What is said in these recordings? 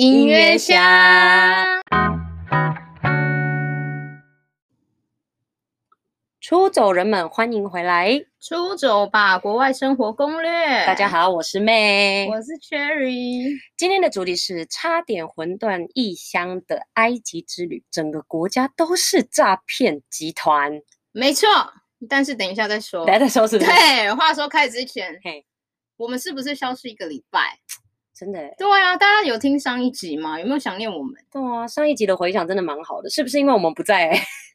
音樂響，出走人們歡迎回來，出走吧，國外生活攻略。大家好，我是 Mei，我是 Cherry，今天的主題是差點魂斷異鄉的埃及之旅。整個國家都是詐騙集團，沒錯。但是等一下再說，等一下再說對，話說開始之前，嘿、hey.，我們是不是消失一個禮拜？真的、欸，對啊，大家有聽上一集嗎？有沒有想念我們？對啊，上一集的回響真的蠻好的，是不是因為我們不在、欸？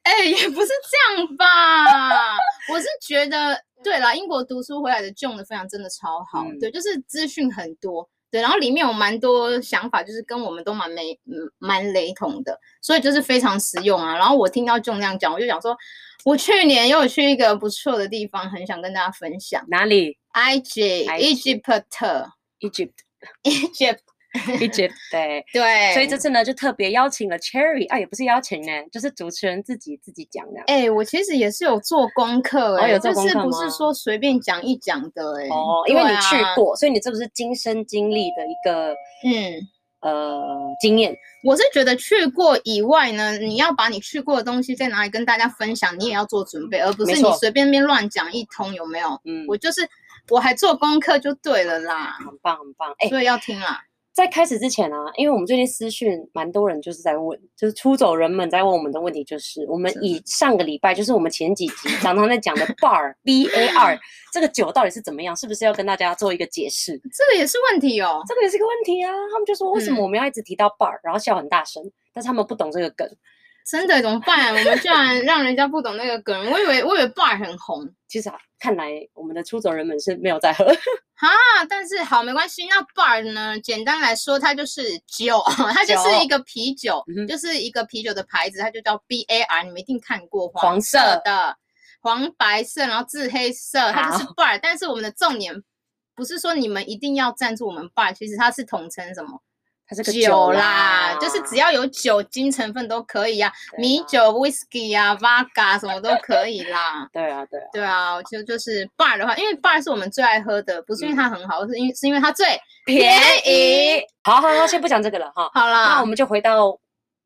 哎、欸，也不是這樣吧。 我是覺得，對了，英國讀書回來的 Jong 的分享真的超好，嗯、對，就是資訊很多，對，然後裡面有蠻多想法，就是跟我們都蠻沒蠻雷同的，所以就是非常實用啊。然後我聽到 Jong 這樣講，我就想說，我去年又去一個不錯的地方，很想跟大家分享哪裡？I J Egypt Egypt Egypt, Egypt，對，對，所以這次呢，就特別邀請了 Cherry，啊，也不是邀請呢，就是主持人自己自己講的。哎、欸，我其實也是有做功課、欸，哎、哦，就是不是說隨便講一講的、欸哦，因為你去過，啊，所以你這不是親身經歷的一個，嗯，呃，經驗。我是覺得去過以外呢，你要把你去過的東西在哪裡跟大家分享，你也要做準備，而不是你隨便亂講一通，有沒有？嗯，我就是。我還做功課就對了啦，很棒很棒，欸，所以要聽啊。在開始之前啊，因為我們最近私訊蠻多人就是在問，就是出走人們在問我們的問題，就是我們以上個禮拜，就是我們前幾集常常在講的 bar b a r 這個酒到底是怎麼樣，是不是要跟大家做一個解釋？這個也是問題哦，這個也是個問題啊。他們就說，為什麼我們要一直提到 bar，然後笑很大聲，但是他們不懂這個梗。真的怎麼辦、啊？我們居然讓人家不懂那個梗。 我以為我以為 bar 很紅，其實、啊、看來我們的出走人們是沒有在喝哈、 啊，但是好沒關係，那 bar 呢？簡單來說，它就是酒，它就是一個啤酒，酒就是一個啤酒的牌子，嗯、它就叫 B A R。你們一定看過黃色的黃，黃白色，然後字黑色，它就是 bar。但是我們的重點不是說你們一定要贊助我們 bar，其實它是統稱什麼？這個、酒啦,酒啦、啊，就是只要有酒精成分都可以呀、啊啊，米酒、whisky 啊、vodka 什麼都可以啦。對啊，對啊，對啊，就、啊啊啊啊、就是 bar 的話，因為 bar 是我們最愛喝的，不是因為它很好，是、嗯、因是因為它最便宜。好，好,好，好，先不講這個了哈。 好啦，那我們就回到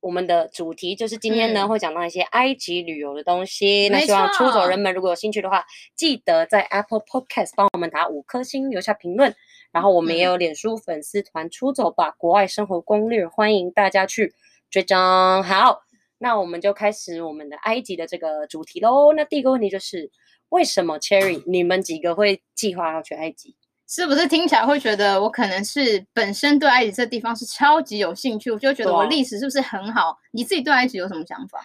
我們的主題，就是今天呢、嗯、會講到一些埃及旅遊的東西。那希望出走人們如果有興趣的話，記得在 Apple Podcast 幫我們打五顆星，留下評論。然後我們也有臉書粉絲團“出走吧，國外生活攻略”，歡迎大家去追蹤。好，那我們就開始我們的埃及的這個主題嘍。那第一個問題就是，為什麼 Cherry 你們幾個會計劃要去埃及？是不是聽起來會覺得我可能是本身對埃及這地方是超級有興趣？我就覺得我歷史是不是很好，哦？你自己對埃及有什麼想法？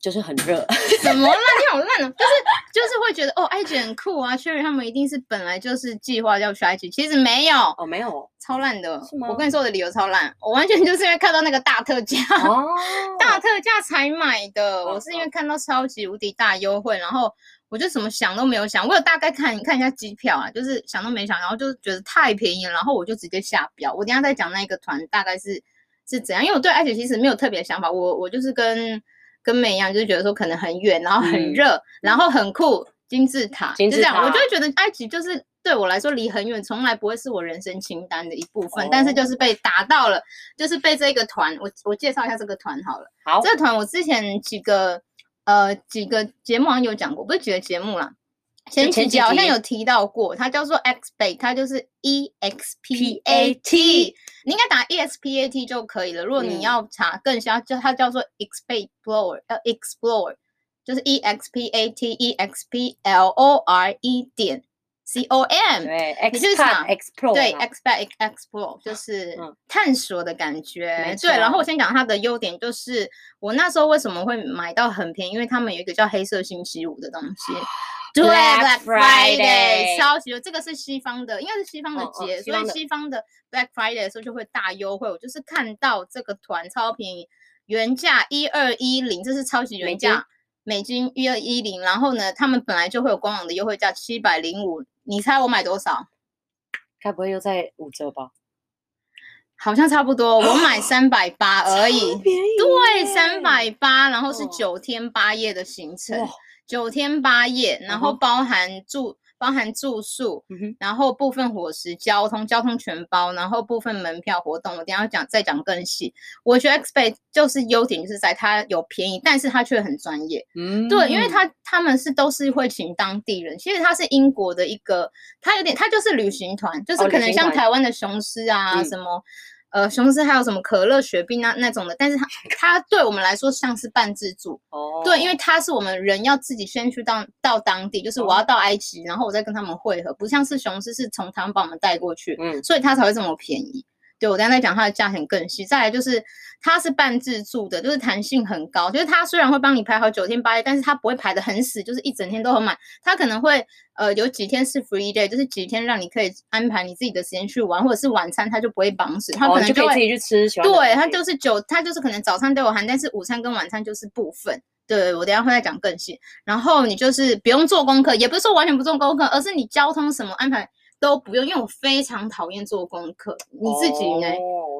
就是很熱， 怎麼了，你好爛啊！ 就是就是會覺得哦，埃及很酷啊，Cherry 他們一定是本來就是計劃要去埃及，其實沒有哦，沒有，超爛的，是嗎？我跟你說我的理由超爛，我完全就是因為看到那個大特價，哦，大特價才買的。我是因為看到超級無敵大優惠，哦，然後我就什麼想都沒有想，我有大概看看一下機票啊，就是想都沒想，然後就覺得太便宜了，然後我就直接下標。我等一下再講那個團大概是是怎樣，因為我對埃及其實沒有特別的想法，我我就是跟。跟美一樣，就是覺得說可能很遠，然後很熱，嗯、然後很酷金，金字塔，就這樣。我就會覺得埃及就是對我來說離很遠，從來不會是我人生清單的一部分。哦、但是就是被打到了，就是被這個團，我我介紹一下這個團好了。好，這個團我之前幾個呃幾個節目好像有講過，不是幾個節目啦。前幾集好像有提到過，它叫做 Expat，它就是 E X P A T，你應該打 E X P A T 就可以了。如果你要查更詳細，就它叫做 Explore，Explore，就是 E X P A T E X P L O R E 點 C O M。對，你是 Explore？對 Expat Explorer 就是探索的感覺。對，然後我先講它的優點，就是我那時候為什麼會買到很便宜，因為他們有一個叫黑色星期五的東西。對，Black Friday 超級了，這個是西方的，應該是西方的節，哦哦，西方的，所以西方的 Black Friday 的時候就會大優惠。我就是看到這個團超便宜，原價一二一零，這是超級原價，美金一二一零。1210, 然後呢，他們本來就會有官網的優惠價七百零五，你猜我買多少？該不會又在五折吧？好像差不多，我買三百八而已。啊、對，三百八，然後是九天八夜的行程。哦九天八夜，然後包含住，嗯、包含住宿，嗯、然後部分伙食、交通，交通全包，然後部分門票活動。我等一下講，再講更細。我覺得 X 貝就是優點，就是在它有便宜，但是它卻很專業。嗯，對，因為他他們是都是會請當地人。其實它是英國的一個，它有點，它就是旅行團，就是可能像台灣的雄獅啊什麼。哦呃，雄獅還有什麼可樂、雪碧那那種的，但是它它對我們來說像是半自助，oh. 對，因為它是我們人要自己先去到到當地，就是我要到埃及，oh. 然後我再跟他們會合，不像是雄獅是從他們把我們帶過去，嗯、mm.，所以它才會這麼便宜。對，我等下再講它的價錢更細，再來就是它是半自助的，就是彈性很高。就是它雖然會幫你排好九天八夜，但是它不會排得很死，就是一整天都很滿。它可能會呃有幾天是 free day，就是幾天讓你可以安排你自己的時間去玩，或者是晚餐它就不會綁死，它可能就，會、哦、就可以自己去吃。對，它就是九，它就是可能早餐都有含，但是午餐跟晚餐就是部分。對，我等下會再講更細，然後你就是不用做功課，也不是說完全不做功課，而是你交通什麼安排。都不用，因為我非常討厭做功課。Oh, 你自己呢？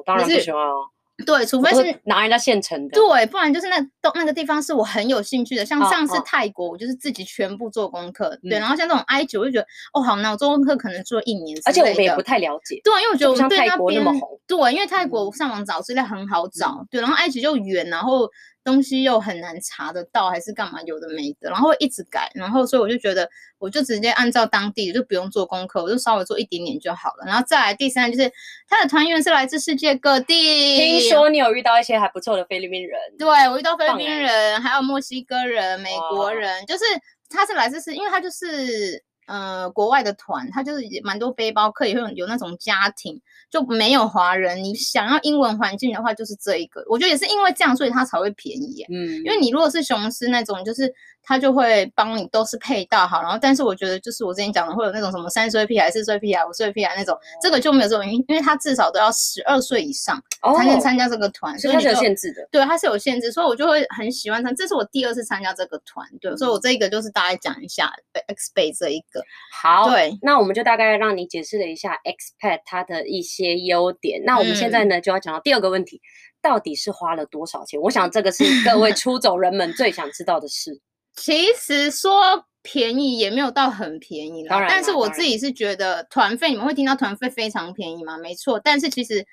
當然不喜歡啊。對，除非是拿人家現成的。對，不然就是那那個地方是我很有興趣的。像上次泰國，oh, oh. 我就是自己全部做功課、嗯。對，然後像這種埃及，我就覺得哦，好難，我做功課可能做一年、這個。而且我也不太了解。對，因為我覺得我對那邊就不像泰國那麼紅。對，因為泰國我上網找資料很好找、嗯。對，然後埃及就遠，然後。東西又很難查得到，還是幹嘛有的沒的，然後一直改，然後所以我就覺得，我就直接按照當地，就不用做功課，我就稍微做一點點就好了。然後再來第三就是，他的團員是來自世界各地。聽說你有遇到一些還不錯的菲律賓人。對，我遇到菲律賓人、人，還有墨西哥人、美國人，就是他是來自，是因為他就是。呃，國外的團，他就是也蠻多背包客，也會有，有那種家庭，就沒有華人。你想要英文環境的話，就是這一個。我覺得也是因為這樣，所以它才會便宜，欸。嗯，因為你如果是雄獅那種，就是。他就會幫你都是配到好，然後但是我覺得就是我之前講的會有那種什麼三歲屁孩四歲屁孩五歲屁孩那種，這個就沒有這種原因，因為他至少都要十二歲以上才能參加這個團，oh, 所以它、哦、是有限制的，對，它是有限制，所以我就會很喜歡他。這是我第二次參加這個團，對，嗯、所以我這個就是大概講一下 XPE 這一個。好，對，那我們就大概讓你解釋了一下 XPE 它的一些優點。那我們現在呢就要講到第二個問題，嗯、到底是花了多少錢？我想這個是各位出走人們最想知道的事。 其實說便宜也沒有到很便宜了，但是我自己是覺得團費，你們會聽到團費非常便宜嗎？沒錯，但是其實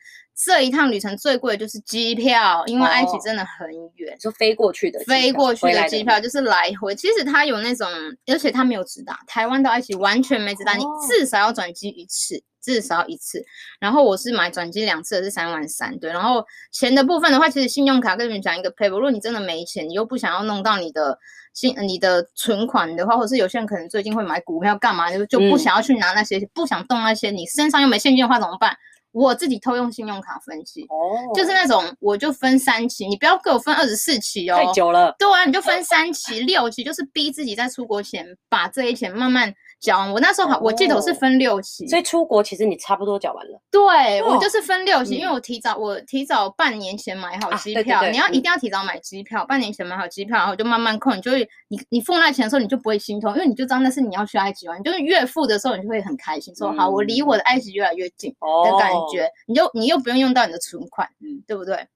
這一趟旅程最貴的就是機票，因為埃及真的很遠，就、哦、飛過去的飛過去的機票就是來回。回來其實它有那種，而且它沒有直達，台灣到埃及完全沒直達、哦，你至少要轉機一次。至少一次，然後我是買轉機兩次的是三萬三，對。然後錢的部分的話，其實信用卡跟你們講一個 PayPal，如果你真的沒錢，你又不想要弄到你的信、你的存款的話，或者是有些人可能最近會買股票幹嘛，就就不想要去拿那些、嗯，不想動那些，你身上又沒現金的話怎麼辦？我自己偷用信用卡分期，哦，就是那種我就分三期，你不要給我分二十四期哦，太久了。對啊，你就分三期、 六期，就是逼自己在出國前把這些錢慢慢交我那時候好，哦、我記得我是分六期，所以出國其實你差不多繳完了。對，我就是分六期、嗯，因為我提早我提早半年前買好機票、啊，對對對，你要一定要提早買機票、嗯，半年前買好機票，然後就慢慢扣，你就會你你付那錢的時候你就不會心痛，因為你就知道那是你要去埃及玩，就是月付的時候你就會很開心，嗯、說好我離我的埃及越來越近的感覺，嗯、你就你又不用用到你的存款、嗯，對不對？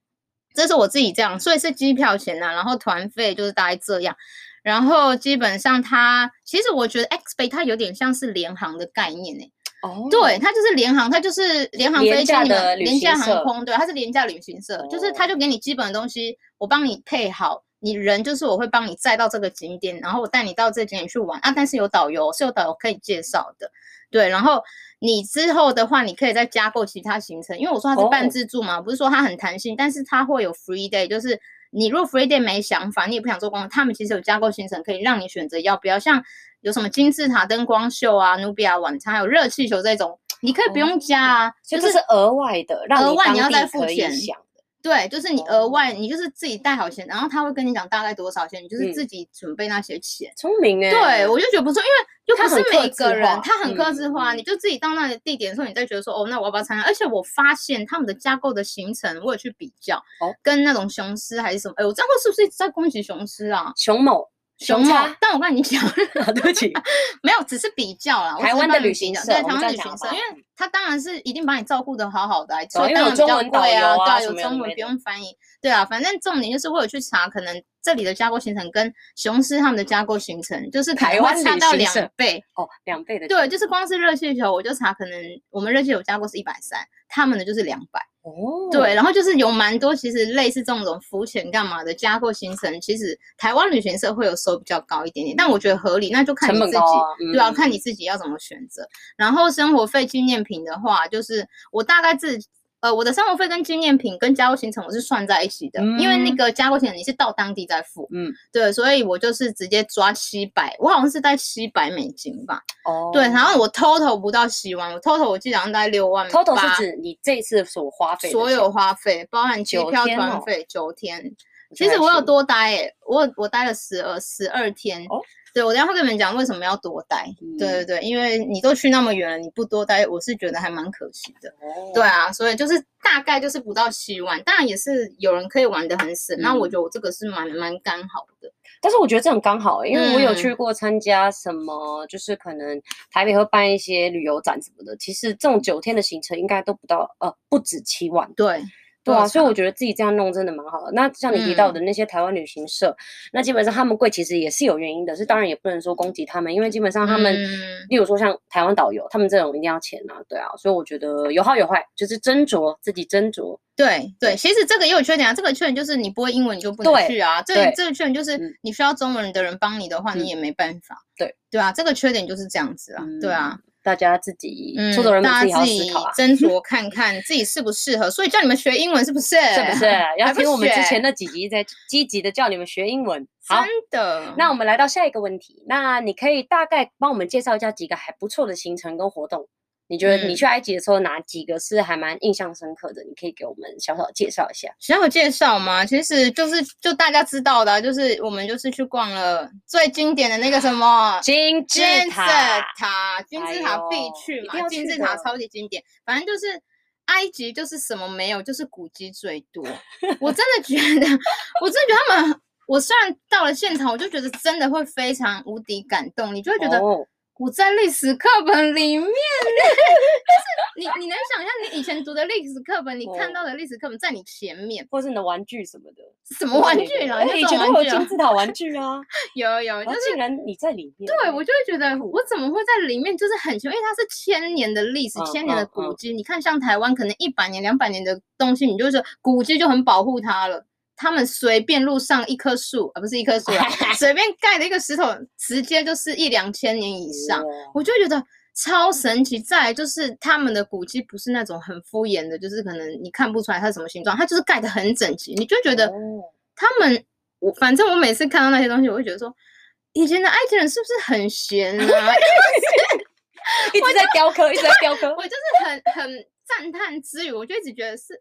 這是我自己這樣，所以是機票錢吶、啊，然後團費就是大概這樣。然後基本上它，其實我覺得 X 飛它有點像是廉航的概念哎，哦，oh，對，它就是廉航，它就是廉航飛機，廉價的廉價航空，對，它是廉價旅行社，oh. 就是它就給你基本的東西，我幫你配好，你人就是我會幫你載到這個景點，然後我帶你到這個景點去玩啊，但是有導遊是有導遊可以介紹的，對，然後你之後的話你可以再加購其他行程，因為我說它是半自助嘛，oh. 不是說它很彈性，但是它會有 free day，就是。你如果 free day 沒想法，你也不想做光，他們其實有加購行程，可以讓你選擇要不要。像有什麼金字塔燈光秀啊、努比亞晚餐，還有熱氣球這種，你可以不用加啊，嗯嗯、就是額外的，額外你要再付錢。對，就是你額外，哦、你就是自己帶好錢，然後他會跟你講大概多少錢，嗯，你就是自己準備那些錢。聰明哎，對我就覺得不錯，因為又不是每個人，他很客製化、客製化、嗯。你就自己到那個地點的時候，你再覺得說、嗯，哦，那我要不要參加？而且我發現他們的架構的行程，我有去比較，哦，跟那種雄獅還是什麼？哎，我這樣會是不是在攻擊雄獅啊？雄某。熊貓，但我跟你講、 啊，對不起， 沒有，只是比較啦。台灣的旅行社，對，台灣旅行社，因為他當然是一定把你照顧的好好的，啊，嗯，所以當然比較貴啊，因為有中文導遊、啊，導、啊、有中文不用翻譯，對啊，反正重點就是我有去查，可能這裡的加購行程跟雄獅他們的加購行程就是台灣差到兩倍哦，兩倍的對，就是光是熱氣球，我就查，可能我們熱氣球加購是一百三，他們的就是兩百。哦、oh.，對，然後就是有蠻多，其實類似這種浮潛幹嘛的加購行程，其實台灣旅行社會有收比較高一點點，但我覺得合理，那就看你自己，啊、對吧、啊？看你自己要怎麼選擇。嗯、然後生活費紀念品的話，就是我大概自。呃，我的生活費跟紀念品跟加購行程我是算在一起的，嗯、因為那個加購行程你是到當地再付，嗯，對，所以我就是直接抓七百，我好像是在七百美金吧，哦，對，然後我 total 不到七萬我，total 我記得好像在六萬，total 是指你這次所花費所有花費，包含機票、團費、九天。9天哦。9天。其實我有多待、欸，我我待了十二十二天，哦、對我等下會跟你們講為什麼要多待、嗯。對對對，因為你都去那麼遠了，你不多待，我是覺得還蠻可惜的、哦。對啊，所以就是大概就是不到七萬，當然也是有人可以玩得很省。嗯、那我覺得我這個是蠻蠻剛好的，但是我覺得這很剛好、欸，因為我有去過參加什麼、嗯，就是可能台北會辦一些旅遊展什麼的。其實這種九天的行程應該都不到呃不止七萬。對。對啊，所以我覺得自己這樣弄真的蠻好的。那像你提到的那些台灣旅行社、嗯，那基本上他們貴其實也是有原因的。是當然也不能說攻擊他們，因為基本上他們，嗯、例如說像台灣導遊，他們這種一定要錢啊，對啊。所以我覺得有好有壞，就是斟酌，自己斟酌。對對，其實這個也有缺點啊。這個缺點就是你不會英文你就不能去啊。這這個缺點就是你需要中文的人幫你的話，你也沒辦法。嗯、對對啊，這個缺點就是這樣子啊。嗯、對啊。大家自己，嗯，出走人們自己好好思考啊，大家自己斟酌看看自己適不適合， 所以叫你們學英文是不是？是不是？要聽我們之前那幾集，在積極的叫你們學英文。好的。那我們來到下一個問題，那你可以大概幫我們介紹一下幾個還不錯的行程跟活動。你覺得你去埃及的時候，哪幾個是還蠻印象深刻的、嗯？你可以給我們小小介紹一下。小小介紹嘛，其實就是就大家知道的、啊，就是我們就是去逛了最經典的那個什麼金金字塔，金字塔，哎喲，金字塔必去嘛，因為金字塔超級經典。反正就是埃及就是什麼沒有，就是古蹟最多。 我真的覺得，我真的覺得他們，我雖然到了現場，我就覺得真的會非常無敵感動，你就會覺得、哦。我在歷史課本裡面，就 是你，你能想象，你以前讀的歷史課本，oh. 你看到的歷史課本在你前面，或是你的玩具什麼的？什麼玩具？啊 oh, 你以前有？金字塔玩具啊，有、啊、 有，就是、啊、竟然你在裡面。對，我就會覺得我怎麼會在裡面？就是很奇怪，因為它是千年的歷史，oh. 千年的古蹟。Oh. 你看，像台灣可能一百年、兩百年的東西，你就是古蹟就很保護它了。他們隨便路上一棵樹，啊，不是一棵樹、啊，隨 便蓋的一個石頭，直接就是一兩千年以上，yeah. 我就覺得超神奇。再來就是他們的古蹟不是那種很敷衍的，就是可能你看不出來它是什麼形狀，它就是蓋的很整齊，你就覺得他們，oh. 我反正我每次看到那些東西，我會覺得說，以前的埃及人是不是很閒啊？ 就是、 一直在雕刻，一直在雕刻，我就是很很讚嘆之餘，我就一直覺得是。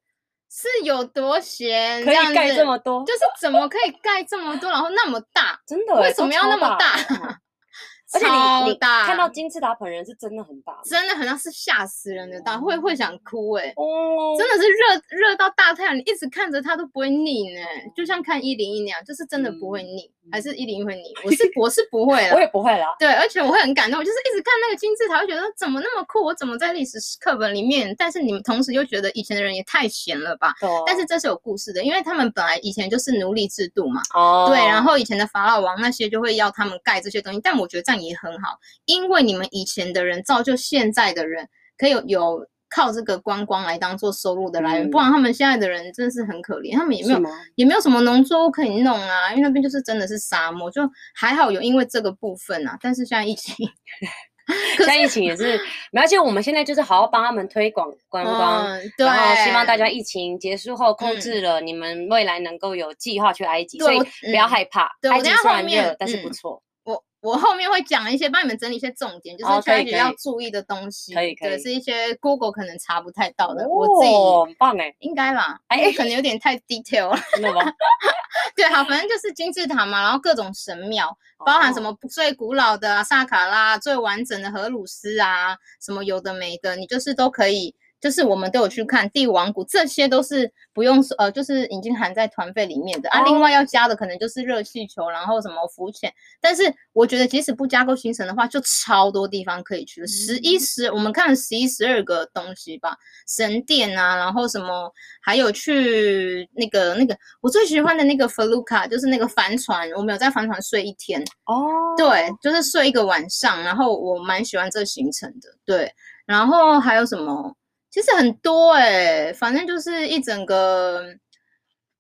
是有多閒這樣子，可以蓋這麼多， 就是怎麼可以蓋這麼多，然後那麼大，真的、欸、為什麼要那麼大？超大！ 而且你超大，你看到金字塔本人是真的很大，真的很像是嚇死人的大，嗯、會會想哭哎、欸！哦、嗯，真的是熱熱到大太陽，你一直看着它都不會膩呢、欸嗯，就像看一零一那樣，就是真的不會膩。嗯還是一零一你，我是我是不會了， 我也不會啦。對，而且我會很感動，就是一直看那個金字塔，會覺得怎麼那麼酷，我怎麼在歷史課本裡面？但是你們同時又覺得以前的人也太閒了吧？但是這是有故事的，因為他們本來以前就是奴隸制度嘛。哦。Oh. 對，然後以前的法老王那些就會要他們蓋這些東西，但我覺得這樣也很好，因為你們以前的人造就現在的人可以有。靠這個觀光來當做收入的來源，嗯，不然他們現在的人真的是很可憐，他們也沒有也沒有什麼農作物可以弄啊，因為那邊就是真的是沙漠，就還好有因為這個部分啊，但是現在疫情， 現在疫情也是，而且我們現在就是好好幫他們推廣觀光，嗯，對，然後希望大家疫情結束後控制了，你們未來能夠有計劃去埃及，所以不要害怕，對，埃及雖然熱，但是不錯。嗯我後面會講一些，幫你們整理一些重點，oh, 就是確實要注意的東西。可以可以。對，是一些 Google 可能查不太到的，oh, 我自己。很棒，應該啦，因、欸、可能有點太 detail 了。真的嗎 對，好，反正就是金字塔嘛，然後各種神廟，oh. 包含什麼最古老的啊、薩卡拉，最完整的荷魯斯啊，什麼有的沒的，你就是都可以。就是我們都有去看帝王谷，這些都是不用說，呃，就是已經含在團費裡面的。Oh. 啊。另外要加的可能就是熱氣球，然後什麼浮潛。但是我覺得即使不加購行程的話，就超多地方可以去了。十一十，我們看了十一十二個東西吧，神殿啊，然後什麼，還有去那個那個我最喜歡的那個弗魯卡，就是那個帆船，我們有在帆船睡一天哦。Oh. 對，就是睡一個晚上，然後我蠻喜歡這個行程的。對，然後還有什麼？其實很多誒、欸，反正就是一整個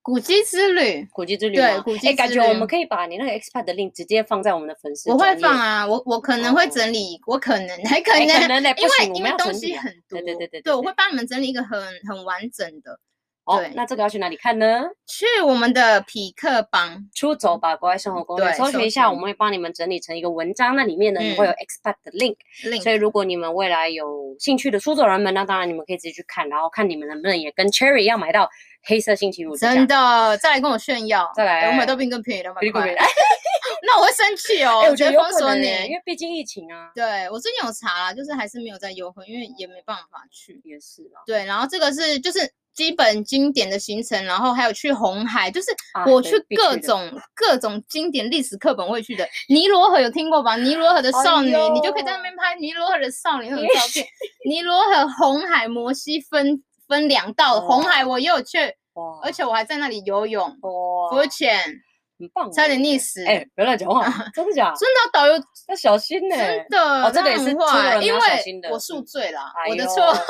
古蹟之旅，古蹟之旅對，古蹟之旅、欸欸。感覺我們可以把你那個 x p a t 的 link 直接放在我們的粉絲，我會放啊，我我可能會整理，哦、我可能還可能，還可能因為你們東西很多，啊、對，對對對對，對，我會幫你們整理一個很很完整的。Oh, 對，那這個要去哪裡看呢？去我們的匹克榜出走吧，國外生活攻略搜尋一下，我們會幫你們整理成一個文章。那裡面呢，嗯、會有 expect link, link。所以如果你們未來有興趣的出走人們，那當然你們可以自己去看，然後看你們能不能也跟 Cherry 一樣買到黑色星期五。真的，再來跟我炫耀，再來，我買到比你更便宜的吧，買回來。 那我會生氣哦，欸、我覺得封鎖你，因為畢竟疫情啊。對，我最近有查啦，就是還是沒有在優惠、嗯，因為也沒辦法去。也是啦。對，然後這個是就是基本經典的行程，然後還有去紅海，就是我去各種、啊、各種各種經典歷史課本會去的。尼羅河有聽過吧？尼羅河的少女、哎，你就可以在那邊拍尼羅河的少女很多照片。哎、 尼羅河、紅海、摩西分分兩道、哦，紅海我也有去、哦，而且我還在那裡游泳，哦、浮潛。很棒，差點溺死！哎、欸，不要亂講話，啊、真的假的？欸？真的，導遊要小心呢。真的，我這裡、個、也是，因為我宿醉了，我的錯。哎、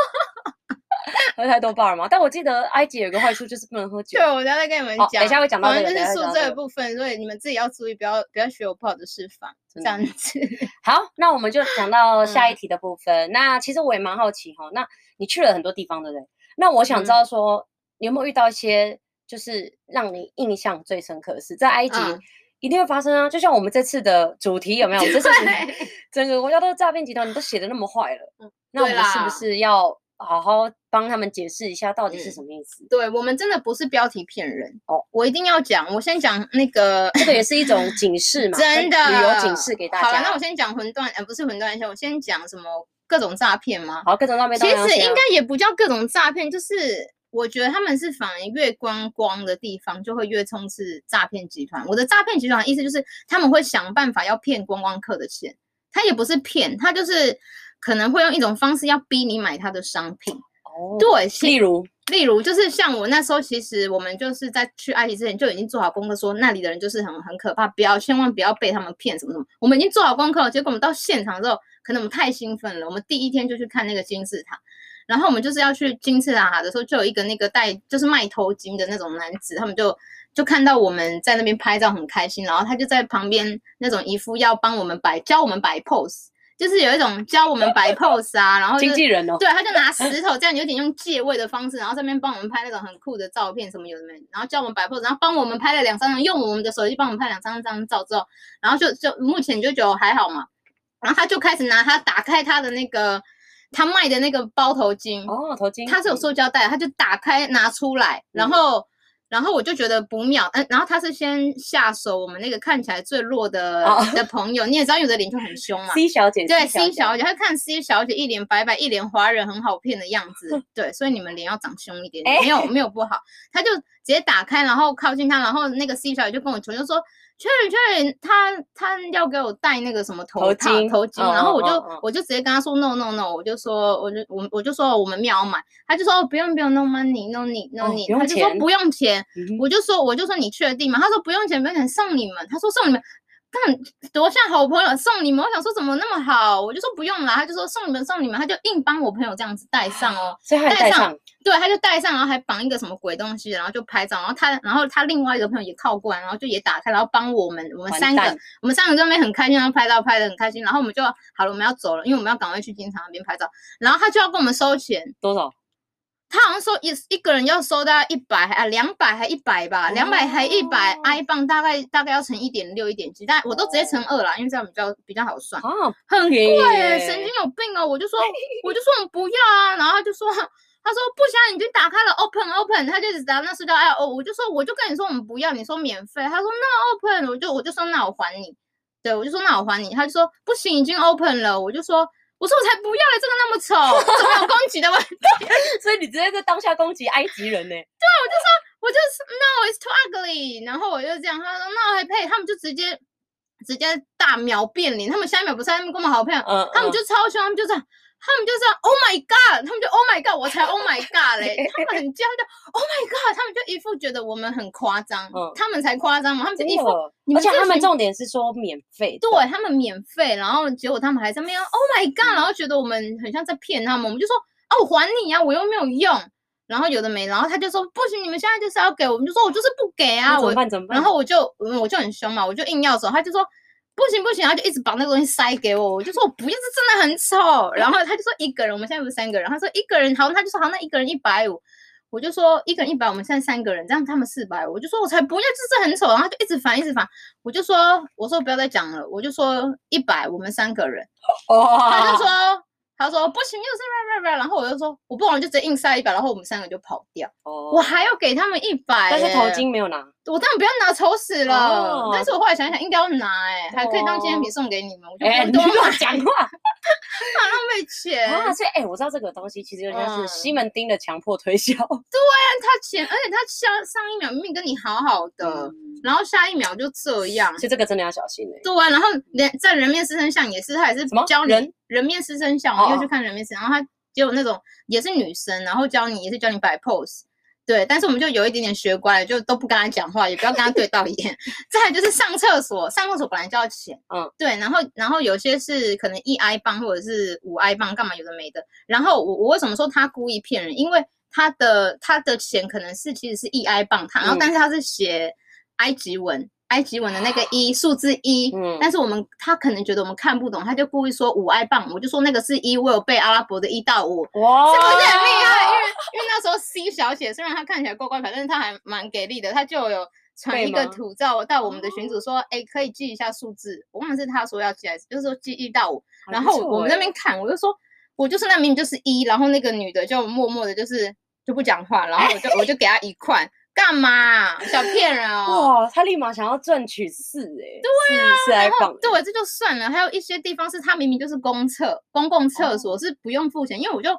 喝太多吧了嗎？但我記得埃及有個壞處就是不能喝酒。對，我正在跟你們講、哦，等一下會講到、這個。反正就是宿醉的部分，所以你們自己要注意，不要不要學我不好的示範，這樣子。 好，那我們就講到下一題的部分。嗯、那其實我也蠻好奇哦，那你去了很多地方的人，那我想知道說、嗯，你有沒有遇到一些就是讓你印象最深刻的是在埃及，一定會發生啊、嗯！就像我們這次的主題，有沒有？這次整個國家都是詐騙集團，你都寫得那麼壞了，那我們是不是要好好幫他們解釋一下到底是什麼意思、嗯？對，我們真的不是標題騙人哦，我一定要講。我先講那個，這個也是一種警示嘛， 真的旅遊警示給大家。那我先講魂斷，呃，不是魂斷，先我先講什麼各種詐騙嘛？好，各種詐騙。其實應該也不叫各種詐騙，就是。我覺得他們是反而越觀光的地方，就會越充斥詐騙集團。我的詐騙集團的意思就是，他們會想辦法要騙觀光客的錢。他也不是騙，他就是可能會用一種方式要逼你買他的商品。哦，對，例如，例如就是像我那時候，其實我們就是在去埃及之前就已經做好功課，說那裡的人就是很很可怕，不要千萬不要被他們騙什麼什麼。我們已經做好功課了，結果我們到現場之後，可能我們太興奮了，我們第一天就去看那個金字塔。然後我們就是要去金字塔，塔的時候，就有一個那個戴就是賣頭巾的那種男子，他們就就看到我們在那邊拍照很開心，然後他就在旁邊那種一副要幫我們擺教我們擺 pose，就是有一種教我們擺 pose 啊，然後經紀人哦，對，他就拿石頭這樣有點用借位的方式，然後在那邊幫我們拍那種很酷的照片什麼有沒，然後教我們擺 pose，然後幫我們拍了兩三張，用我們的手機幫我們拍兩三張，張照之後，然後就就目前就覺得還好嘛，然後他就開始拿他打開他的那個。他賣的那個包頭巾、哦、頭巾，他是有塑膠袋，他就打開拿出來、嗯，然後，然後我就覺得不妙，嗯、呃，然後他是先下手我們那個看起來最弱的、哦、的朋友，你也知道有的臉就很凶嘛、哦、，C 小姐對 C 小姐 ,，C 小姐，他看 C 小姐一臉白白，一臉華人，很好騙的樣子，對，所以你們臉要長凶一點,點、欸，沒有沒有不好，他就直接打開，然後靠近他，然後那個 C 小姐就跟我求求說。確認確認，他他要給我戴那個什麼頭巾頭巾，頭巾，頭巾、哦，然後我就、哦、我就直接跟他說 no no no，我就說我就我我就說我們不要買，他就說不用不用，no money no no no，、哦、他就說不用錢，嗯、我就說我就說你確定嗎？他說不用錢不用錢，送你們，他說送你們。看，多像好朋友送你們，我想說怎麼那麼好，我就說不用了，他就說送你們送你們，他就硬幫我朋友這樣子戴上哦戴上，戴上，對，他就戴上，然後還綁一個什麼鬼東西，然後就拍照，然後他，然後他另外一個朋友也靠過來，然後就也打開，然後幫我們，我們三個，我們三個在那邊很開心，然後拍照拍的很開心，然後我們就好了，我們要走了，因為我們要趕快去金場那邊拍照，然後他就要跟我們收錢，多少？他好像說一一個人要收大概一百啊，兩百還一百吧，兩、oh, 百還一百，英鎊大概大概要乘一點六一點七，但我都直接乘二啦，oh. 因為這樣比較比較好算。很、oh. 貴，神經有病哦、喔！我就說， 我就說我們不要啊，然後他就說，他說不行、啊，已經打開了，open open，他就一直打那是叫 i o，我就說我就跟你說我們不要，你說免費，他說那 o open，我就我就說那我還你，對，我就說那我還你，他就說不行，已經 open 了，我就說。我說我才不要了，這個那麼醜，怎麼有攻擊的問題？ 所以你直接在當下攻擊埃及人呢、欸？ 對啊，我就說，我就 No, it's too ugly。然後我就這樣，他說，No, 那還配？No, 他們就直接直接大秒變臉，他們下一秒不是他們跟我們好朋友，uh, 他們就超凶，uh. 他們就這樣。他們就說 “Oh my God”，他們就 “Oh my God”，我才 “Oh my God” 嘞、欸， 他們很尖叫 “Oh my God”，他們就一副覺得我們很誇張，哦，他們才誇張嘛，他們就一副。而且他們重點是說免費，對他們免費，然後結果他們還這麼要 “Oh my God”，、嗯、然後覺得我們很像在騙他們，我們就說哦、啊，我還你呀、啊，我又沒有用，然後有的沒，然後他就說不行，你們現在就是要給我，我們，就說我就是不給啊，我怎麼辦？怎麼辦？然後我就、嗯、我就很凶嘛，我就硬要走，他就說。不行不行，他就一直把那個東西塞給我，我就說我不要，這真的很醜。然後他就說一個人，我們現在有三個人，他說一個人，好像他就說好，那一個人一百五，我就說一個人一百，我們現在三個人，這樣他們四百五，我就說我才不要，就是很醜。然後他就一直煩，一直煩，我就說我說不要再講了，我就說一百，我們三個人，哦，Oh，他就說。他說不行，又是百百百，然後我就說我不玩，就直接硬塞一百，然後我們三個就跑掉。哦，我還要給他們一百，但是頭巾沒有拿。我當然不要拿，醜死了、哦。但是我後來想一想，應該要拿，哎、哦，還可以當紀念品送給你們。哎，別跟我講話，哪那麼有錢？他說哎，我知道這個東西其實就像是西門町的強迫推銷。嗯、對啊，他錢，而且他上上一秒明明跟你好好的。嗯然後下一秒就這樣，其實這個真的要小心、欸、對啊，然後連在人面獅身像也是，他也是教你麼人，人面獅身像。我又去看人面獅、哦哦，然後他就有那種也是女生，然後教你也是教你擺 pose。對，但是我們就有一點點學乖，就都不跟他講話，也不要跟他對到眼。 再來就是上廁所，上廁所本來就要錢。嗯，對，然後然後有些是可能一埃鎊或者是五埃鎊，幹嘛有的沒的。然後我我為什麼說他故意騙人？因為他的他的錢可能是其實是一埃鎊，他、嗯、然後但是他是寫。埃及文，埃及文的那個一、e，數字一，嗯，但是我們他可能覺得我們看不懂，他就故意說五埃鎊，我就說那個是一，我有背阿拉伯的一到五，哇，是不是很厲害？因為因為那時候 C 小姐雖然她看起來乖乖，反正她還蠻給力的，她就有傳一個土照到我們的群組，說哎、欸，可以記一下數字，我忘了是她說要記還是就是說記一到五，然後我們那邊看，我就說我就是那明明就是一，然後那個女的就默默的就是就不講話，然後我就我就給她一塊。欸 幹嘛、啊？想騙人哦！哇，他立馬想要賺取四、欸、對啊然後，對，這就算了。還有一些地方是他明明就是公廁，公共廁所是不用付錢，哦、因為我就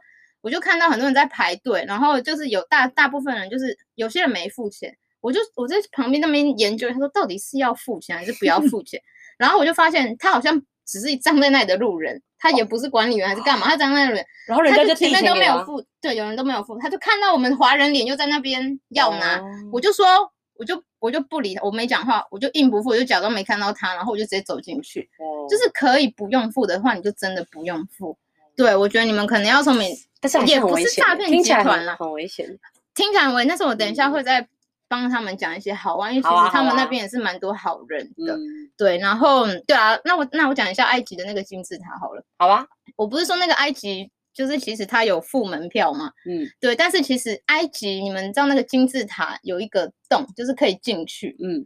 我就看到很多人在排隊，然後就是有大大部分人，就是有些人沒付錢，我就我在旁邊那邊研究，他說到底是要付錢還是不要付錢， 然後我就發現他好像只是一站在那裡的路人。他也不是管理員，哦、還是幹嘛？他站在那裡，然後人家就、啊、他就前面都沒有付，對，有人都沒有付，他就看到我們華人臉就在那邊要拿，我就說，我就我就不理他，我沒講話，我就硬不付，我就假裝沒看到他，然後我就直接走進去，就是可以不用付的話，你就真的不用付。對，對，我覺得你們可能要聰明，是是，也不是詐騙集團啦，聽起來很危險。聽起來，但是我等一下會在。嗯幫他們講一些好玩，因為其實他們那邊也是蠻多好人的。好啊好啊，嗯，對。然後，對啊，那我那我講一下埃及的那個金字塔好了。好吧，啊，我不是說那個埃及，就是其實它有付門票嘛。嗯，對。但是其實埃及，你們知道那個金字塔有一個洞，就是可以進去。嗯，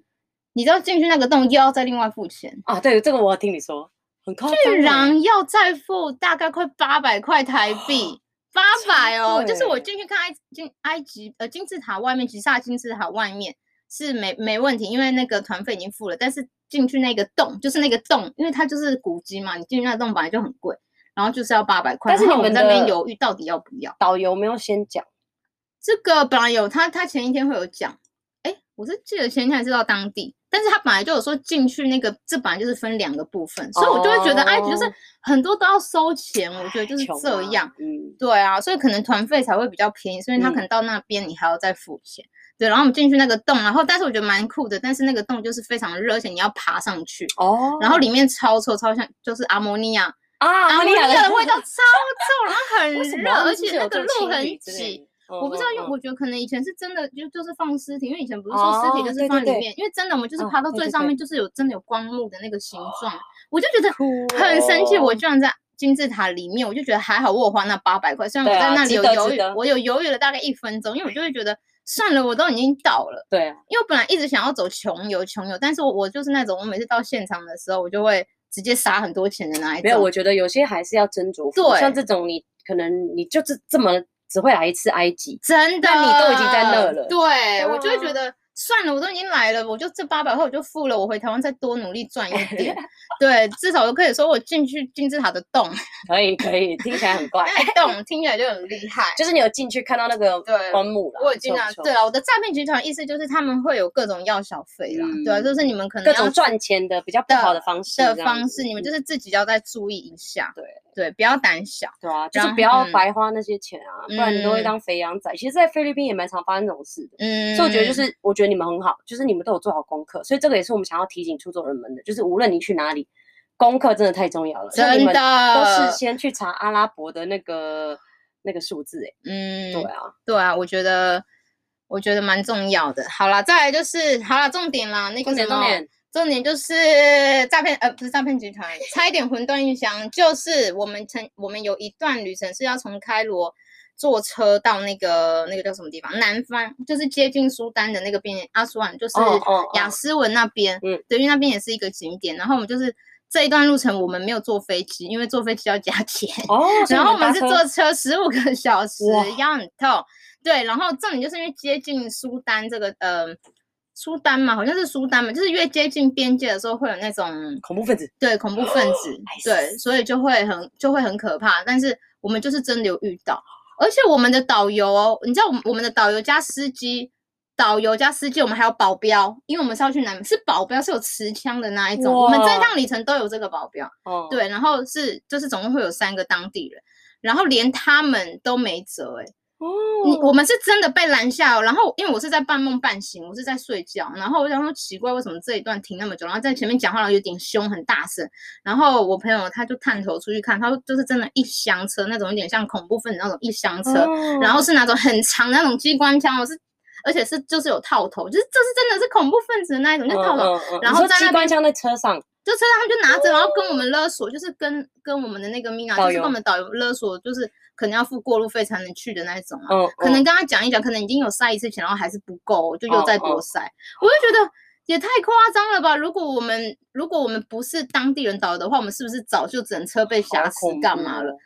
你知道進去那個洞又要再另外付錢啊？對，這個我要聽你說，很誇張。居然要再付大概快八百塊台幣。哦八百哦，就是我進去看埃金埃及呃金字塔外面，吉薩金字塔外面是沒沒問題，因為那個團費已經付了，但是進去那個洞，就是那個洞，因為它就是古蹟嘛，你進去那個洞本來就很貴，然後就是要八百塊，但是你們的，沒有，我們在那邊猶豫到底要不要？導遊沒有先講，這個本來有他他前一天會有講。我是記得前天還是到當地，但是他本來就有說進去那個，這本來就是分兩個部分。哦，所以我就會覺得哎，就是很多都要收錢，我覺得就是這樣，嗯，對啊，所以可能團費才會比較便宜，所以他可能到那邊你還要再付錢，嗯、對，然後我們進去那個洞，然後但是我覺得蠻酷的，但是那個洞就是非常熱，而且你要爬上去哦，然後裡面超臭，超像就是阿摩尼亞啊，阿摩尼亞的味道，啊，啊、味道超臭，啊，然後很熱，啊，而且那個路很擠。我不知道，因為我覺得可能以前是真的，就就是放屍體，因為以前不是說屍體就是放裡面，oh, 對對對，因為真的我們就是爬到最上面，就是有真的有棺木的那個形狀，oh, 對對對，我就覺得很生氣。我居然在金字塔裡面，我就覺得還好，我有花那八百塊，雖然我在那裡有猶豫，啊，我有猶豫了大概一分鐘，因為我就會覺得算了，我都已經到了。對，啊，因為本來一直想要走窮遊，窮遊，但是我我就是那種，我每次到現場的時候，我就會直接撒很多錢的那一種沒有，我覺得有些還是要斟酌，對。像這種你可能你就是這，這麼。只會來一次埃及，真的？你都已經在那了。對，啊、我就會覺得算了，我都已經來了，我就這八百塊我就付了。我回台灣再多努力賺一點。 對，至少我可以說我進去金字塔的洞。 可以，可以，聽起來很怪。洞 聽， 聽起來就很厲害。就是你有進去看到那個棺木了？對我已經啊，對啊。我的詐騙集團意思就是他們會有各種要小費啦、嗯。對啊，就是你們可能各種賺錢的比較不好的方式。的方式、嗯，你們就是自己要再注意一下。對。對，不要膽小，對啊，就是不要白花那些錢啊，嗯、不然你都會當肥羊仔。嗯、其實，在菲律賓也蠻常發生這種事的、嗯，所以我覺得就是，我覺得你們很好，就是你們都有做好功課，所以這個也是我們想要提醒出走人們的，就是無論你去哪裡，功課真的太重要了。真的，都是先去查阿拉伯的那個那個數字、欸，哎，嗯，對啊，對啊，我覺得我覺得蠻重要的。好啦，再來就是好啦，重點啦，那個什麼。重點重點重點就是詐騙，呃，不是詐騙集團，差一點魂斷異鄉。就是我們從我們有一段旅程是要從開羅坐車到那個那個叫什麼地方，南方就是接近蘇丹的那個邊阿、啊、蘇萬，就是亞斯文那邊。嗯、oh, oh,，oh. 對，因為那邊也是一個景點。然後我們就是這一段路程，我們沒有坐飛機，因為坐飛機要加錢。Oh, 然後我們是坐車十五個小時，腰、oh, 很痛。Oh. 對，然後重點就是因為接近蘇丹這個，呃蘇丹嘛，好像是蘇丹嘛，就是越接近邊界的時候，會有那種恐怖分子，對，恐怖分子，oh, 對，所以就會很就會很可怕。但是我們就是真的有遇到，而且我們的導遊、哦，你知道，我們我們的導遊加司機，導遊加司機，我們還有保鏢，因為我們是要去南美，是保鏢是有持槍的那一種，wow. 我們這一趟旅程都有這個保鏢，哦、oh.，對，然後是就是總共會有三個當地人，然後連他們都沒轍，哎。哦，我們是真的被攔下了，然後因為我是在半夢半醒，我是在睡覺，然後我想說奇怪，為什麼這一段停那麼久？然後在前面講話，有點凶，很大聲。然後我朋友他就探頭出去看，他說就是真的，一箱車那種，有點像恐怖分子那種一箱車，哦、然後是那種很長的那種機關槍，是而且是就是有套頭，就是這是真的是恐怖分子的那一種，就套頭。然後在機關槍在車上，就車上他們就拿着，然後跟我們勒索，哦、就是跟跟我們的那個 Mina，就是跟我們導遊勒索，就是。可能要付過路費才能去的那種啊、oh,，oh. 可能跟他講一講，可能已經有塞一次錢，然後還是不夠，就又再多塞。Oh, oh. 我就覺得也太誇張了吧！如果我們如果我們不是當地人導遊的話，我們是不是早就整車被挾持幹嘛了？Oh, oh.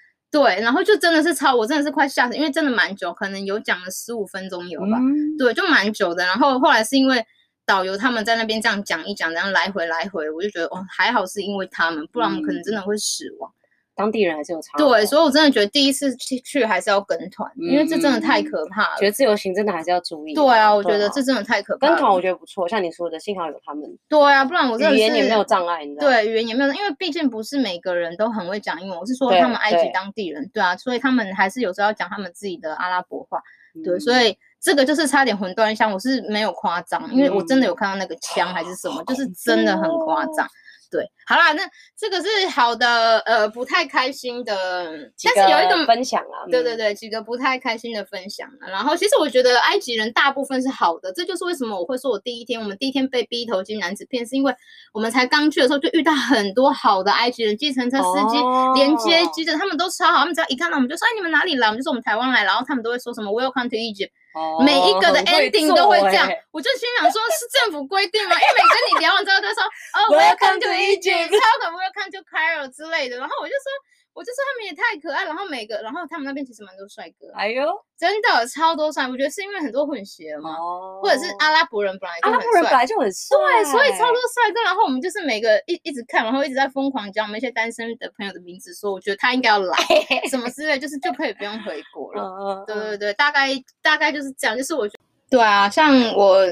對，然後就真的是超，我真的是快嚇死，因為真的蠻久，可能有講了十五分鐘有吧？Mm. 對，就蠻久的。然後後來是因為導遊他們在那邊這樣講一講，這樣來回來回，我就覺得哦還好是因為他們，不然我們可能真的會死亡。Mm. 當地人還是有差異對，所以我真的覺得第一次去去還是要跟團、嗯，因為這真的太可怕了。嗯嗯、覺得自由行真的還是要注意。對啊，對我覺得這真的太可怕。跟團我覺得不錯，像你說的，幸好有他們。對啊，不然我真的語言也沒有障礙，你知道對，語言也沒有障礙，因為畢竟不是每個人都很會講英文。因為我是說他們埃及當地人對對，對啊，所以他們還是有時候要講他們自己的阿拉伯話、嗯。對，所以這個就是差點魂斷異鄉，我是沒有誇張、嗯嗯，因為我真的有看到那個槍還是什麼、啊，就是真的很誇張。啊對，好啦，那這個是好的，呃，不太開心的，啊，但是有一個分享啊。對對對，幾個不太開心的分享，啊嗯。然後其實我覺得埃及人大部分是好的，這就是為什麼我會說我第一天，我們第一天被逼頭巾男子騙，是因為我們才剛去的時候就遇到很多好的埃及人，計程車司機、哦、連接接着他們都超好，他們只要一看到我們就說，哎，你們哪裡來？我們就說我們台灣來，然後他們都會說什麼 Welcome to Egypt。Oh, 每一個的 ending 會都會這樣， 我就心想說，是政府規定嗎？ 因為每跟你聊完之後，他說，哦，welcome to Egypt，welcome to Cairo 之類的，然後我就說。我就是他們也太可愛了，然後每個，然後他們那邊其實蠻多帥哥，哎呦，真的超多帥。我覺得是因為很多混血嘛、哦，或者是阿拉伯人本來就很帥，阿拉伯人本來就很帥，對，所以超多帥哥。然後我們就是每個一一直看，然後一直在瘋狂叫我們一些單身的朋友的名字，說我覺得他應該要來 什麼之類，就是就可以不用回國了。 對對對，大概大概就是這樣，就是我覺得、啊。對啊，像我，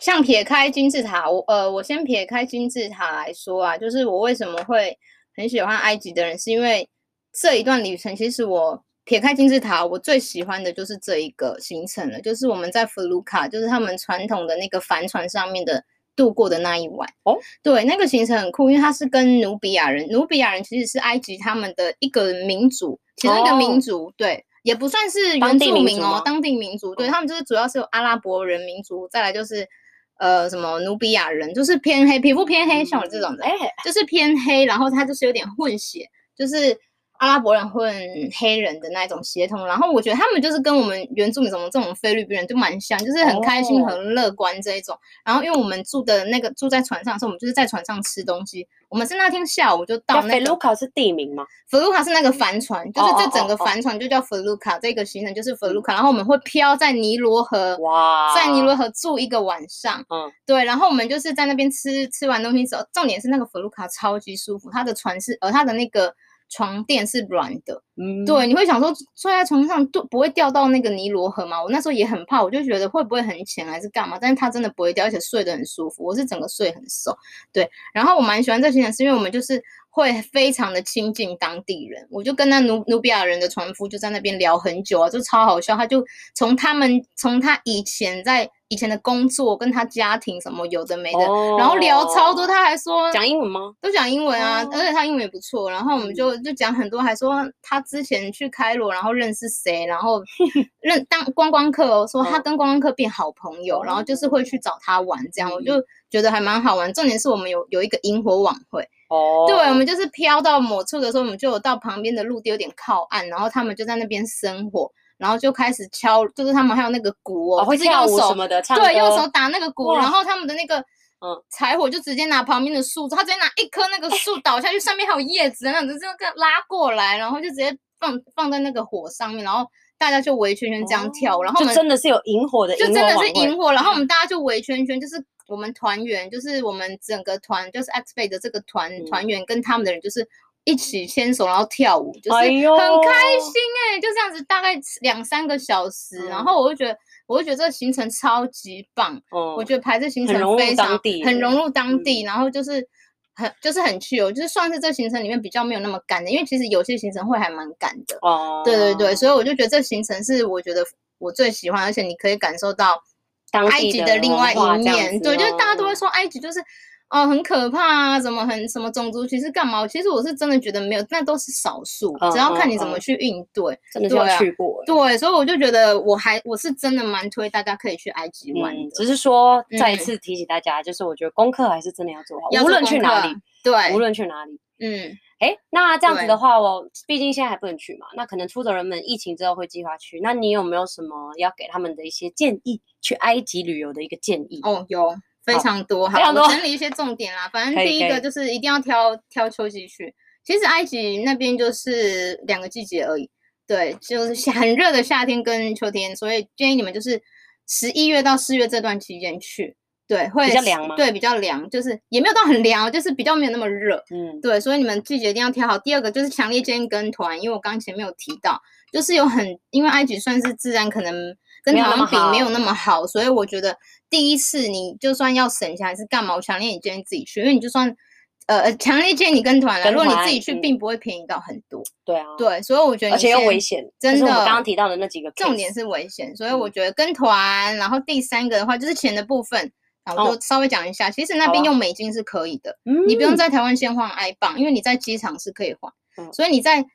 像撇開金字塔，我呃，我先撇開金字塔來說啊，就是我為什麼會。很喜歡埃及的人，是因為這一段旅程。其實我撇開金字塔，我最喜歡的就是這一個行程了。就是我們在弗盧卡，就是他們傳統的那個帆船上面的度過的那一晚。哦，對，那個行程很酷，因為它是跟努比亞人。努比亞人其實是埃及他們的一個民族，其中一個民族，哦，對，也不算是原住民哦，當地民族，當地民族，對，他們就是主要是有阿拉伯人民族，再來就是。呃，什麼努比亞人，就是偏黑，皮膚偏黑，嗯，像我這種的，欸，就是偏黑，然後他就是有點混血，就是。阿拉伯人混黑人的那一種協同，然後我覺得他們就是跟我們原住民怎麼這種菲律賓人就蠻像，就是很開心、很樂觀這一種。Oh. 然後因為我們住的那個住在船上的時候，我們就是在船上吃東西。我們是那天下午就到，那個。弗魯卡是地名嗎？弗魯卡是那個帆船，就是這整個帆船就叫弗魯卡。Oh, oh, oh, oh. 這個行程就是弗魯卡，然後我們會飄在尼羅河。哇、wow.！在尼羅河住一個晚上。嗯、oh.，對。然後我們就是在那邊吃吃完東西之後，重點是那個弗魯卡超級舒服，它的船是呃，而它的那個。床墊是軟的，嗯、對，你會想說，睡在床上都不會掉到那個尼羅河嗎？我那時候也很怕，我就覺得會不會很淺還是乾嘛？但是它真的不會掉，而且睡得很舒服。我是整個睡很熟，對。然後我蠻喜歡這些人，是因為我們就是會非常的親近當地人。我就跟那努努比亞人的船夫就在那邊聊很久啊，就超好笑。他就從他們，從他以前在。以前的工作跟他家庭什麼有的沒的，oh, 然後聊超多，他還說講英文嗎？都講英文啊，oh. 而且他英文也不錯。然後我們就、嗯、就講很多，還說他之前去開羅，然後認識誰，然後認當觀光客哦，說他跟觀光客變好朋友，oh. 然後就是會去找他玩這樣，oh. 我就覺得還蠻好玩。重點是我們有有一個營火晚會哦，oh. 對，我們就是飄到某處的時候，我們就有到旁邊的陸地有點靠岸，然後他們就在那邊生火。然後就開始敲，就是他們還有那個鼓哦，哦會跳舞什麼的，就是唱歌，對，用手打那個鼓，哦、然後他們的那個嗯，柴火就直接拿旁邊的樹，哦，他直接拿一棵那個樹倒下去，哎，上面還有葉子那，那樣子那個拉過來，然後就直接放放在那個火上面，然後大家就圍圈圈這樣跳，哦、然後我們真的是有營火的，就真的是營火、火、火，然後我們大家就圍圈圈，就是我們團員，就是我們整個團，就是 X 飛的這個團，嗯、團員跟他們的人就是。一起牽手然後跳舞，就是很開心、欸、哎，就這樣子大概兩三個小時、嗯，然後我就覺得，我就覺得這行程超級棒，嗯，我覺得排這行程非常、嗯、很地很融入當地，嗯、然後就是很就是很去哦，就是算是這行程裡面比較沒有那麼趕的，因為其實有些行程會還蠻趕的。哦，對對對，所以我就覺得這行程是我覺得我最喜歡，而且你可以感受到埃及的另外一面，哦，對，就是大家都會說埃及就是。哦，很可怕啊！什麼很什麼種族其實幹嘛？其實我是真的覺得沒有，那都是少數、嗯，只要看你怎麼去應對。真的就去過，對，所以我就覺得我還我是真的蠻推，大家可以去埃及玩的、嗯、只是說再一次提醒大家，嗯、就是我覺得功課還是真的要做好，無論去哪裡，對，無論去哪裡，嗯。哎、欸，那這樣子的話，我畢竟現在還不能去嘛，那可能出走人們疫情之後會計劃去。那你有沒有什麼要給他們的一些建議？去埃及旅遊的一個建議？哦，有。好，非常多哈，我整理一些重點啦。反正第一個就是一定要挑可以可以，挑秋季去。其實埃及那邊就是兩個季節而已，對，就是很熱的夏天跟秋天，所以建議你們就是十一月到四月這段期間去，對，會比較涼嗎？對，比較涼，就是也沒有到很涼，就是比較沒有那麼熱，嗯，對，所以你們季節一定要挑好。第二個就是強烈建議跟團，因為我剛前面有提到，就是有很，因為埃及算是自然可能。跟團比沒有，啊、沒有那麼好，所以我覺得第一次你就算要省錢還是幹嘛，我強烈建議自己去，因為你就算呃強烈建議你跟團，如果你自己去並不會便宜到很多。嗯、對啊，對，所以我覺得你而且又危險，真的。剛剛提到的那幾個 case, 重點是危險，所以我覺得跟團。嗯、然後第三個的話就是錢的部分，我就稍微講一下，其實那邊用美金是可以的，哦啊嗯、你不用在台灣先換埃鎊，因為你在機場是可以換，嗯、所以你在。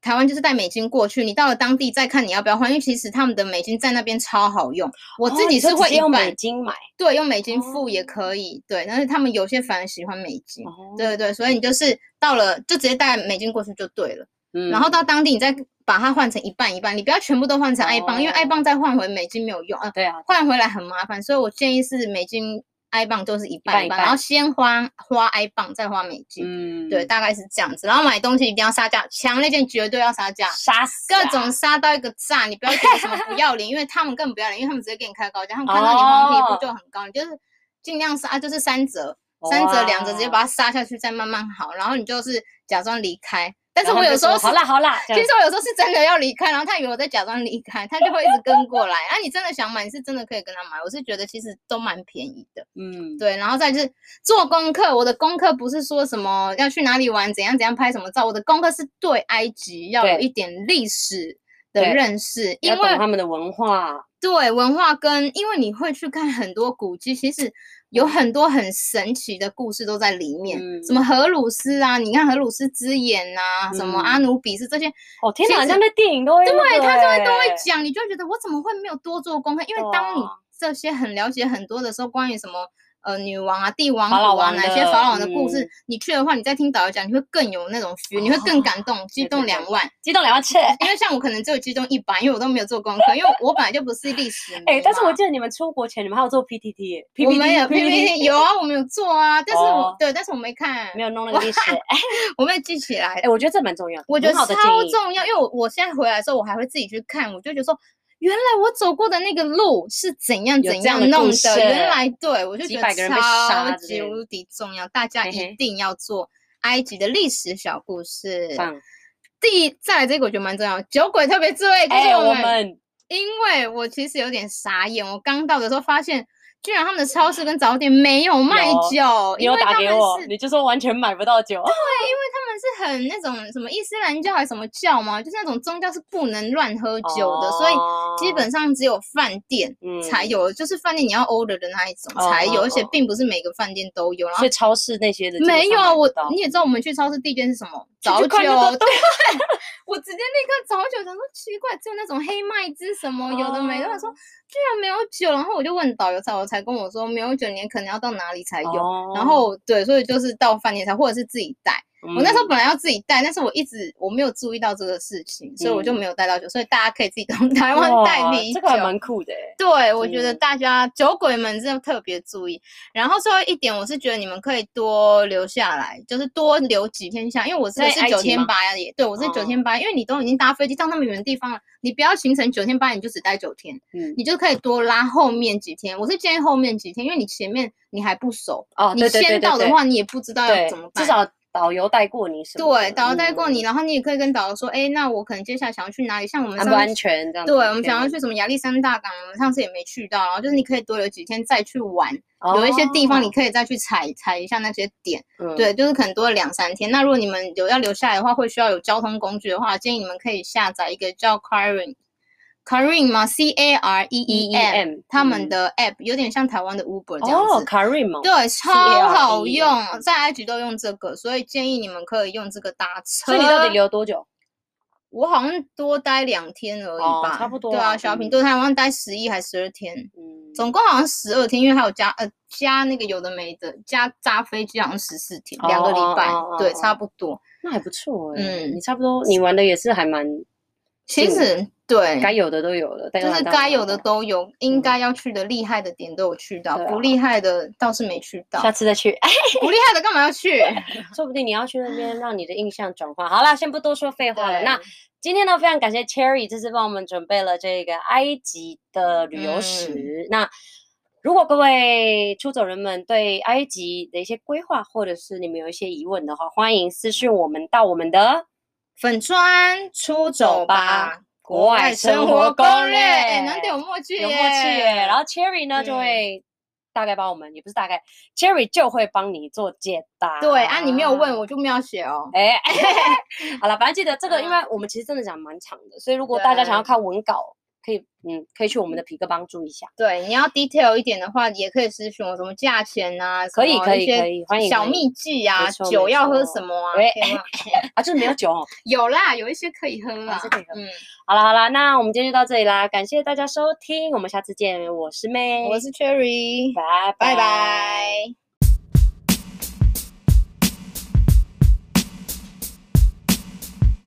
台灣就是帶美金過去，你到了當地再看你要不要換，因為其實他們的美金在那邊超好用。我自己是會、哦、是用美金買，對，用美金付也可以、哦，對。但是他們有些反而喜歡美金，哦、對對對，所以你就是到了就直接帶美金過去就對了。嗯，然後到當地你再把它換成一半一半，你不要全部都換成埃鎊、哦，因為埃鎊再換回美金沒有用啊，對啊，換回來很麻煩。所以我建議是美金。埃鎊就是一半一半，一半一半，然後先花花埃鎊，再花美金，嗯。對，大概是這樣子。然後買東西一定要殺價，搶那件絕對要殺價，殺死各種殺到一個炸。你不要覺得什麼不要臉， 因為他們更不要臉，因為他們直接給你開高價。他們看到你黃皮膚就很高，oh. 你就是盡量殺，就是三折，oh. 三折、兩折，直接把它殺下去，再慢慢好。Oh. 然後你就是假裝離開。但是我有時候好啦好啦，好啦其實我有時候是真的要離開，然後他以為我在假裝離開，他就會一直跟過來。 啊，你真的想買，你是真的可以跟他買。我是覺得其實都蠻便宜的，嗯，對。然後再就是做功課，我的功課不是說什麼要去哪裡玩，怎樣怎樣拍什麼照，我的功課是對埃及要有一點歷史的認識，因為要懂他們的文化，對文化跟，因為你會去看很多古蹟，其實。有很多很神奇的故事都在裡面，嗯、什麼荷魯斯啊，你看荷魯斯之眼吶、啊嗯，什麼阿努比斯這些，哦天哪，好像那電影都會，對，對他就會都會講，你就覺得我怎麼會沒有多做功課？因為當你這些很了解很多的時候，關於什麼。呃，女王啊，帝王谷啊，哪些法老的故事、嗯？你去的話，你再聽導遊講，你會更有那種虛、嗯，你會更感動、激動兩萬，激動兩萬切。因為像我可能只有激動一百，因為我都沒有做功課， 因為我本來就不是歷史。哎、欸，但是我記得你們出國前你們還有做 PPT，我們沒有 PPT，有啊，我們有做啊， 但是、哦、對，但是我沒看，沒有弄那個歷史、欸，我沒有記起來。哎、欸，我覺得這蠻重要，我覺得超重要，因為我我現在回來的時候，我還會自己去看，我就覺得說。原來我走過的那個路是怎樣怎樣弄的？的原來對，對我就覺得超級無敵重要，大家一定要做埃及的歷史小故事。嘿嘿第一，再來這個我覺得蠻重要，酒鬼特別注意、欸欸。我們，因為我其實有點傻眼，我剛到的時候發現。居然他們的超市跟早點沒有賣酒，你有打給我因為他們是，你就說完全買不到酒、啊。對，因為他們是很那種什麼伊斯蘭教還是什麼教嘛，就是那種宗教是不能亂喝酒的、哦，所以基本上只有飯店才有，嗯、就是飯店你要 order 的那一種才有、哦，而且並不是每個飯店都有、啊。去超市那些的沒有啊，我你也知道我們去超市第一件是什麼？早酒，對， 我直接那個早酒，想說奇怪，只有那種黑麥汁什麼，有的沒的，oh. 他說居然沒有酒，然後我就問導遊，導遊才跟我說沒有酒，你可能要到哪裡才有，oh. 然後對，所以就是到飯店才，或者是自己帶。我那時候本來要自己帶、嗯，但是我一直我沒有注意到這個事情，嗯、所以我就沒有帶到酒。所以大家可以自己從台灣帶米酒，這個還蠻酷的。對，我覺得大家、嗯、酒鬼們真的特別注意。然後最後一點，我是覺得你們可以多留下來，就是多留幾天下。像因為我在九天八夜，對我是九天八夜、哦，因為你都已經搭飛機到那麼遠的地方了，你不要行程九天八夜，你就只待九天、嗯，你就可以多拉後面幾天。我是建議後面幾天，因為你前面你還不熟，哦、你先到的話對對對對對，你也不知道要怎麼辦至少。導遊帶過你是是，對，導遊帶過你，然後你也可以跟導遊說，哎、欸，那我可能接下來想要去哪裡？像我們安不安全這樣，對，我們想要去什麼亞歷山大港、啊，我們上次也沒去到，然後就是你可以多留幾天再去玩、哦，有一些地方你可以再去踩踩一下那些點、嗯，對，就是可能多兩三天。那如果你們有要留下來的話，會需要有交通工具的話，建議你們可以下載一個叫 Careem Careem 嗎？C A R E E E M，他們的 app 有點像台灣的 Uber 這樣子。哦，Careem 嗎？對，超好用，在埃及都用這個，所以建議你們可以用這個搭車。所以到底留多久？我好像多待兩天而已吧，差不多。對啊，小品對，他好像待十一還十二天，總共好像十二天，因為還有加呃加那個有的沒的加扎飛機，好像十四天，兩個禮拜，對，差不多。那還不錯，嗯，你差不多，你玩的也是還蠻。其實對，該有的都有了，但、就是該有的都有，有、的都有、嗯，應該要去的厲害的點都有去到、啊，不厲害的倒是沒去到。下次再去， 不厲害的幹嘛要去？說不定你要去那邊， 讓你的印象轉換。好啦，先不多說廢話了。那今天呢，非常感謝 Cherry 這次幫我們準備了這個埃及的旅遊史、嗯。那如果各位出走人們對埃及的一些規劃，或者是你們有一些疑問的話，歡迎私訊我們到我們的。粉專出走吧，國外生活攻略，哎、欸，難得有默契，有默契。然後 Cherry 呢就會、嗯、大概幫我們，也不是大概、嗯、Cherry 就會幫你做解答。對啊，你沒有問，我就沒有寫哦。哎、欸，欸、 好了，反正記得這個、嗯，因為我們其實真的講蠻長的，所以如果大家想要看文稿。可以，嗯，可以去我們的皮哥幫助一下。對，你要 detail 一點的話，也可以私訊我什麼價錢啊，可以可以可以，歡迎小祕技啊，酒要喝什麼、啊？喂，哎哎、 啊，就是沒有酒，哦？有啦，有一些可以喝、啊、可以喝嗯，好啦好啦，那我們今天就到這裡啦，感謝大家收聽，我們下次見，我是 Mei，我是 Cherry，拜拜拜。Bye bye